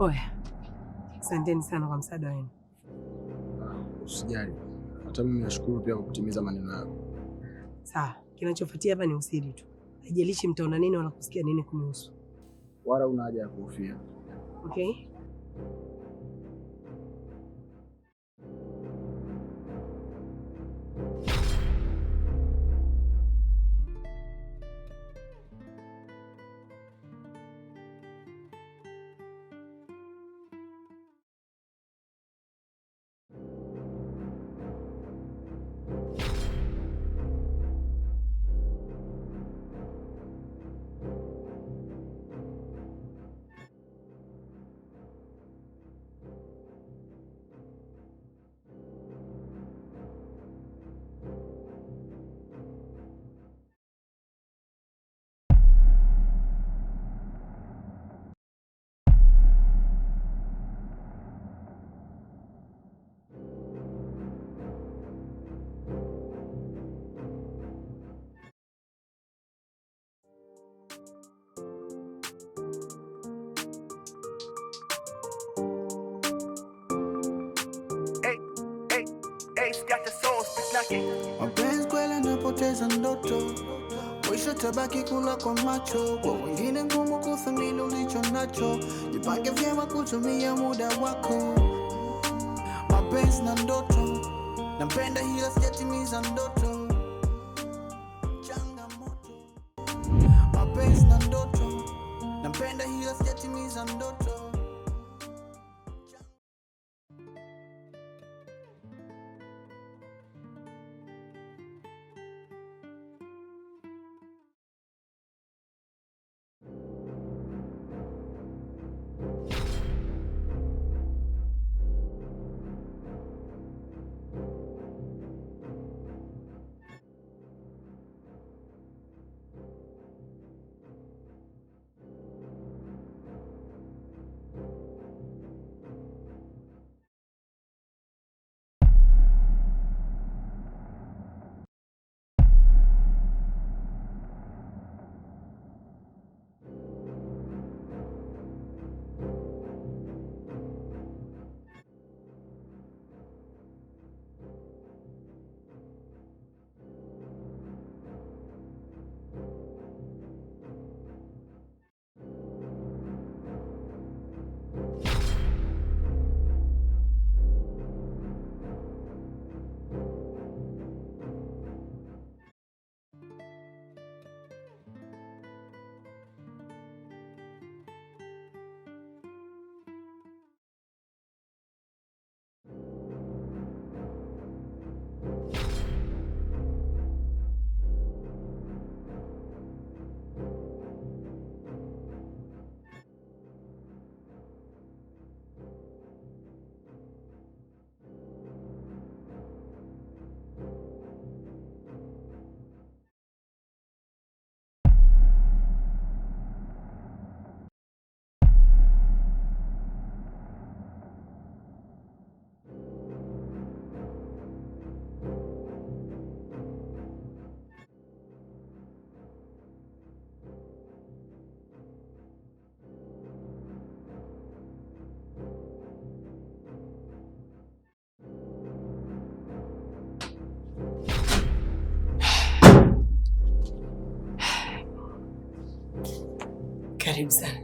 Oya, asanteni sana kwa msaada wenu. Usijali, hata mimi nashukuru pia kwa kutimiza maneno yako. Sawa, kinachofuatia hapa ni usiri tu, haijalishi mtaona nini wala kusikia nini kunihusu, wala una haja ya kuhofia. Okay. Mapenzi kweli napoteza ndoto, mwisho tabaki kula kwa macho, kwa wengine ngumu kuthamini ulicho nacho. Jipange vyema kutumia muda wako, mapenzi na ndoto, nampenda hila sijatimiza ndoto Karibu sana.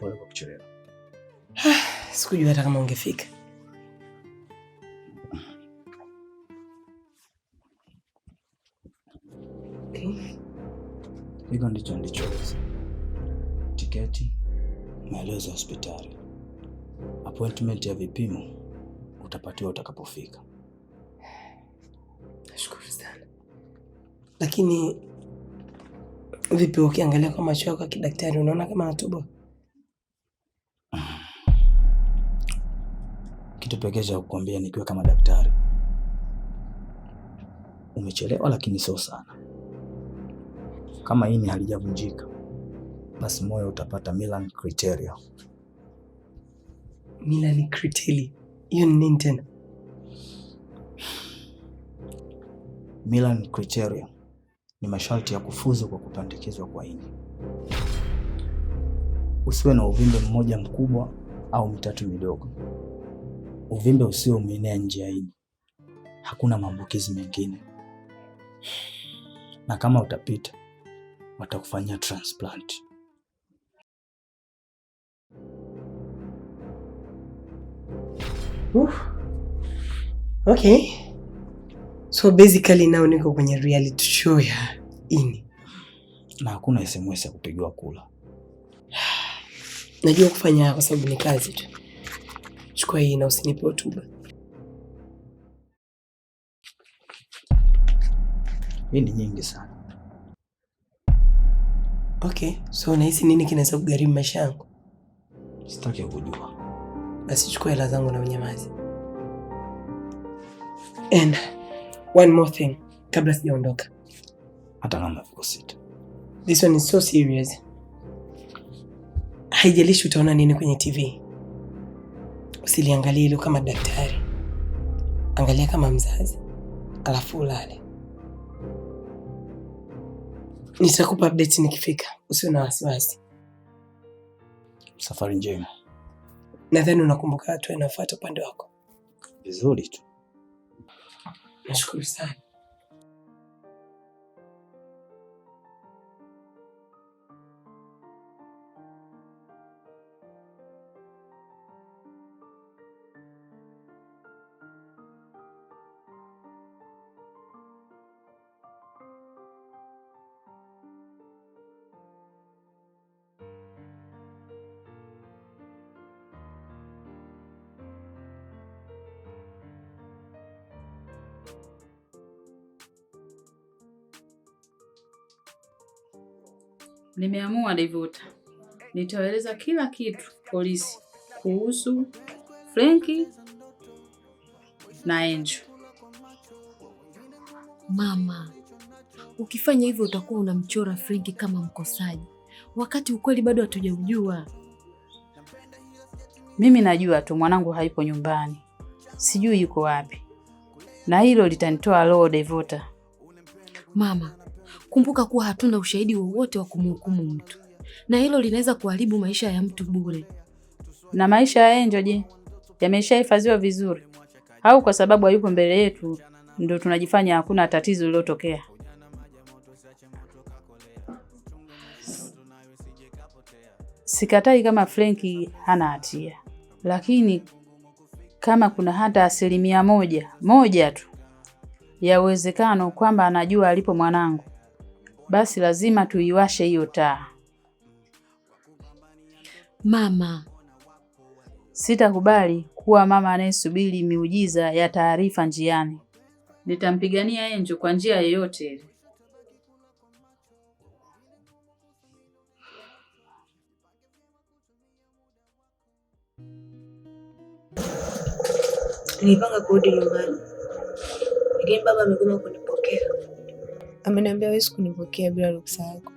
Pole kwa kuchelewa. Sikujua hata kama ungefika. Hiko ndicho ndicho tiketi, maelezo ya hospitali, appointment ya vipimo utapatiwa utakapofika. Nashukuru sana lakini Vipi ukiangalia kwa macho yako ya kidaktari unaona kama anatoboa? Kitu pekee cha kukwambia nikiwa kama daktari, umechelewa lakini sio sana. Kama ini halijavunjika basi moyo utapata Milan criteria. Milan criteria hiyo ni nini tena? Milan criteria ni masharti ya kufuzu kwa kupandikizwa kwa ini. Usiwe na uvimbe mmoja mkubwa au mitatu midogo. Uvimbe usiwe umeenea nje ya ini. Hakuna maambukizi mengine, na kama utapita watakufanyia transplant. Uf. Okay. So basically now niko kwenye reality show ya ini na hakuna SMS ya kupigiwa kula. Najua kufanya kwa sababu ni kazi tu. Chukua hii na usinipe hotuba. Hii ni nyingi sana. Okay, so unahisi nini kinaweza kugharimu maisha yangu? Sitaki kujua. Basi chukua hela zangu na unyamazi Enda. One more thing kabla sijaondoka. Hata kama viko sita. This one is so serious. Haijalishi utaona nini kwenye TV. Usiliangalie hilo kama daktari. Angalia kama mzazi. Alafu ulale. Nitakupa update nikifika. Usio na wasiwasi. Safari njema. Nadhani unakumbuka watu wanafuata upande wako. Vizuri tu. Nashukuru sana. Nimeamua Devota, nitaeleza kila kitu polisi kuhusu Frenki na enjo Mama, ukifanya hivyo utakuwa unamchora Frenki kama mkosaji, wakati ukweli bado hatujaujua. Mimi najua tu mwanangu haipo nyumbani, sijui yuko wapi, na hilo litanitoa roho Devota. Mama, Kumbuka kuwa hatuna ushahidi wowote wa kumhukumu mtu, na hilo linaweza kuharibu maisha ya mtu bure. Na maisha ya Angel, je, yameshahifadhiwa vizuri au kwa sababu hayupo mbele yetu ndio tunajifanya hakuna tatizo lililotokea? Sikatai kama Frenki hana hatia, lakini kama kuna hata asilimia moja moja tu ya uwezekano kwamba anajua alipo mwanangu, basi lazima tuiwashe hiyo taa. Mama, sitakubali kuwa mama anayesubiri miujiza ya taarifa njiani. Nitampigania Enjo kwa njia yoyote ile. Nilipanga kurudi nyumbani, lakini baba amegoma kunipa ameniambia hawezi kunipokea bila ruksa yako.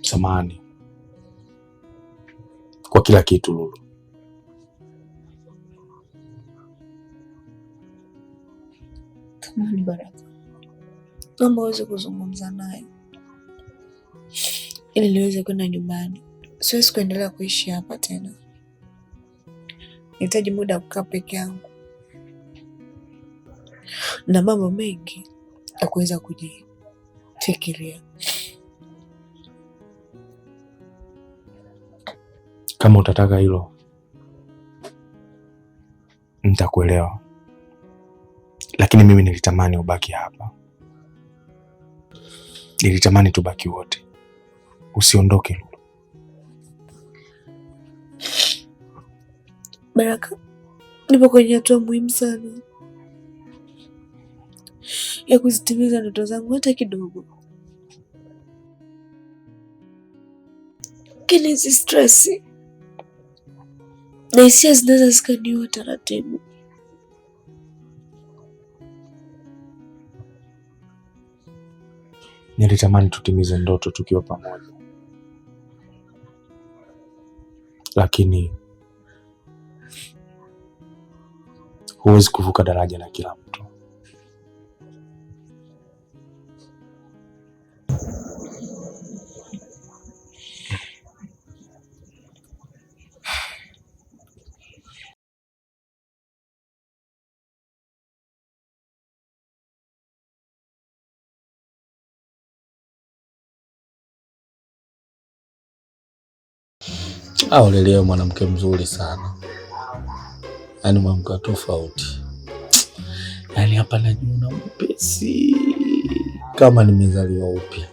Samahani kwa kila kitu Lulu. Baraka, naomba uweze kuzungumza naye ili niweze kwenda nyumbani siwezi kuendelea kuishi hapa tena. Nahitaji muda wa kukaa peke yangu na mambo mengi ya kuweza kujifikiria. Kama utataka hilo, nitakuelewa, lakini mimi nilitamani ubaki hapa, nilitamani tubaki wote, usiondoke Lulu. Baraka, nipo kwenye hatua muhimu sana ya kuzitimiza ndoto zangu hata kidogo. kini hizi na hisia zinaweza zikaniua taratibu. Nilitamani tutimize ndoto tukiwa pamoja, lakini huwezi kuvuka daraja la kila mtu. Au mwanamke mzuri sana yaani mwamka tofauti, yani hapa najiona mpesi kama nimezaliwa upya.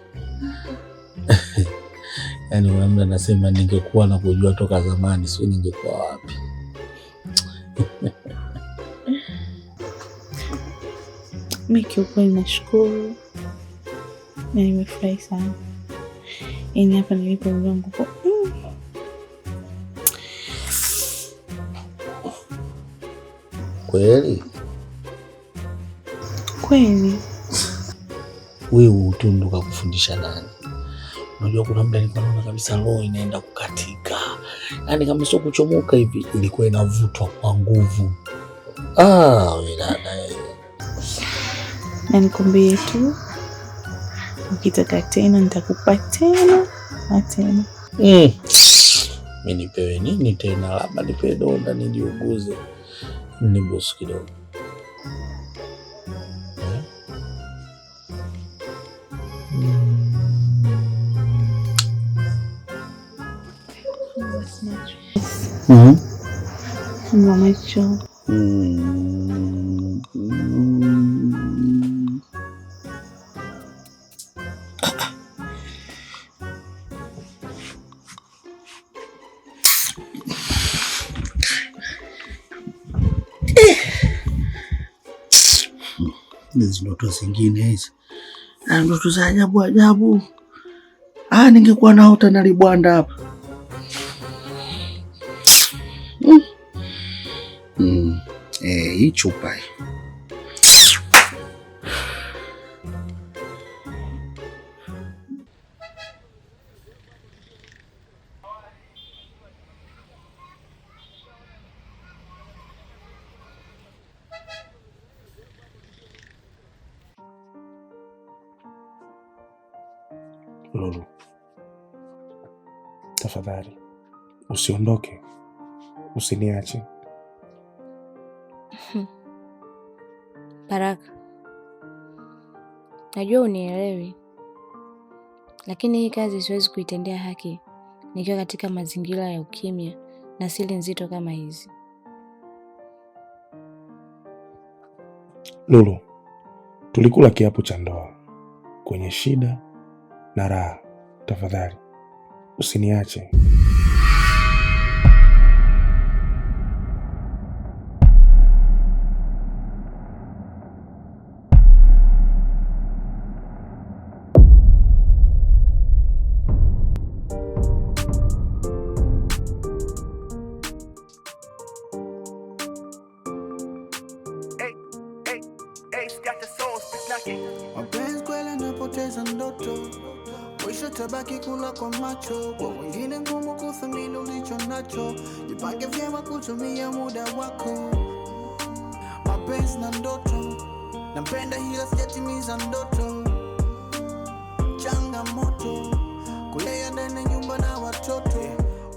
yani mda nasema, ningekuwa na kujua toka zamani, sio ningekuwa wapi? Mi kiukweli nashukuru na nimefurahi sana, yani hapa nilipo mlango kweli kweli. Wewe utundu kakufundisha nani? Unajua kuna muda nilikuwa kabisa roho inaenda kukatika, yaani kama sio kuchomoka hivi, ilikuwa inavutwa kwa nguvu. Ah, wewe dada, na nikwambie tu, ukitaka tena nitakupa tena na tena mm. Mimi nipewe nini tena? Labda nipewe donda nijiuguze ni boss kidogo mm. -hmm. Mama, ndoto zingine hizi na ndoto za ajabu ajabu. Ah, ningekuwa naota nalibwanda hapa mm. mm. Eh, hii chupa hii tafadhali usiondoke, usiniache. Hmm. Baraka, najua unielewi, lakini hii kazi siwezi kuitendea haki nikiwa katika mazingira ya ukimya na siri nzito kama hizi. Lulu, tulikula kiapo cha ndoa kwenye shida na raha. Tafadhali Usiniache. kula kwa macho, kwa wengine ngumu kuthamini ulicho nacho. Jipange vyema kutumia muda wako, mapenzi na ndoto. Nampenda hila sijatimiza ndoto, changamoto kulea ndani nyumba na watoto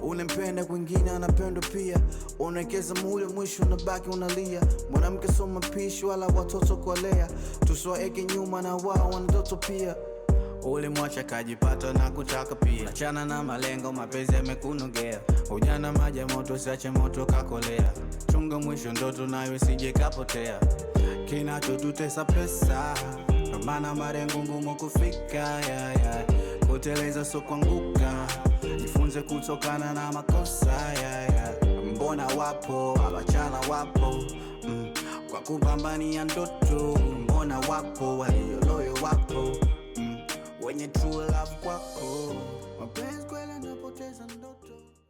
Unampenda kwingine anapendwa pia, unawekeza muda, mwisho unabaki unalia. Mwanamke soma pishi wala watoto kualea tusiwaeke nyuma, na wao wana ndoto pia ulimwacha kajipata na kutaka pia. Achana na malengo, mapenzi yamekunogea. Ujana maji moto, usiache moto kakolea. Chunga mwisho ndoto nayo sije kapotea. Kinachotutesa pesa, ndo maana malengo ngumu kufika. ya ya kuteleza so kuanguka, jifunze kutokana na makosa. ya ya mbona wapo abachana wapo mm, kwa kupambania ndoto. Mbona wapo walioloyo wapo kwenye true love kwako, mapenzi kweli yanapoteza ndoto.